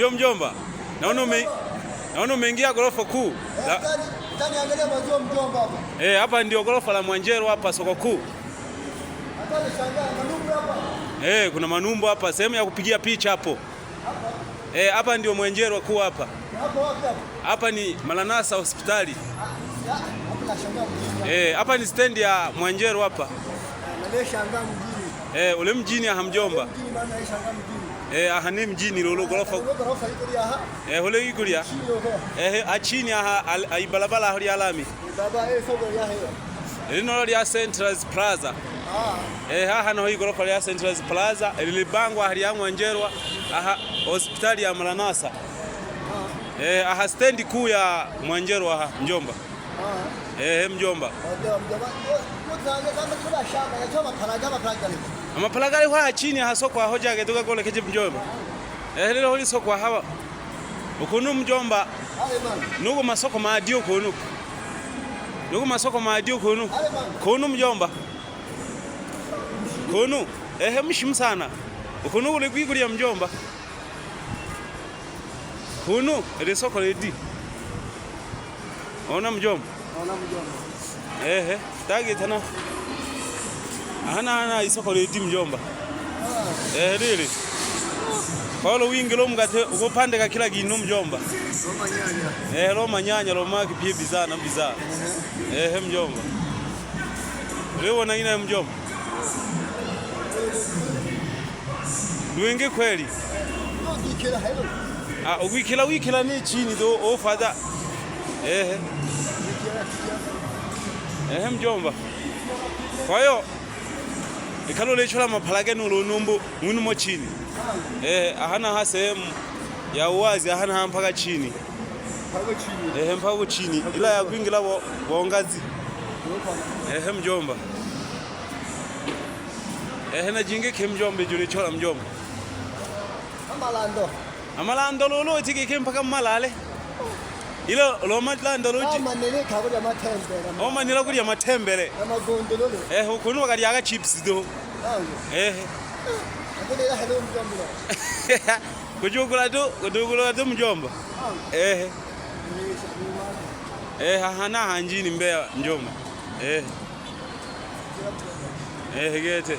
Ndio mjomba, naona ume naona umeingia gorofa kuu eh, hapa. E, ndio gorofa la Mwanjero hapa soko kuu eh, kuna manumbu hapa, sehemu ya kupigia picha hapo eh, hapa ndio Mwanjero kuu hapa hapa ni Malanasa hospitali eh, hapa ni stendi ya Mwanjero hapa eh, ule mjini ya hamjomba eh ahane mjini lolo gorofa gorofa ikuri aha eh hole ikuri aha eh achini aha ai barabara hali alami baba eh soko ya hewa lino lya Central Plaza ah eh aha no igorofa lya Central Plaza lilibangwa hali yangu njerwa aha hospitali ya Maranasa eh aha stendi kuu ya Mwanjerwa aha Njomba ah eh Mjomba Mjomba amapala gali hwaha chini aha sokwa hoja agetuka gola kijibu mjomba ehililo eh, huli sokwa hawa ukunu mjomba nuku masoko maadi ukunuku nuku masoko maadi ukunuku kunu mjomba kunu ehe mshim sana ukunu ulikwigulia mjomba kunu ile soko lidi ona mjomba ona mjomba ehe eh. tena ana ana isoko le timu mjomba. Eh, lili. Paulo wingi lo mgate ukupande ka kila gino mjomba. Roma nyanya. Eh, Roma nyanya Roma maki pia na bizana. Eh, mjomba. Leo na ina mjomba. Wingi kweli. Ah, wikila wikila ni chini do ofada. Oh, eh. Eh, mjomba. Kwa hiyo ikhalola ichola mapalage anu lunumbu mwinimo chini ehe ahanaha sehemu ya uwazi ahanaha mpaka chini ehe mpaka chini ila yakwingila waongazi ehe mjomba ehe eh, najingike mjomba ijo nichola mjomba amalando amalando lulu itikike mpaka mmalale ilo lomatla ndaluji amaneleka kuri amatembere omanira kuri eh yaga chips do eh ah, kujugula tu kujugula tu mjomba eh eh hana hanjini mbea mjomba eh eh gete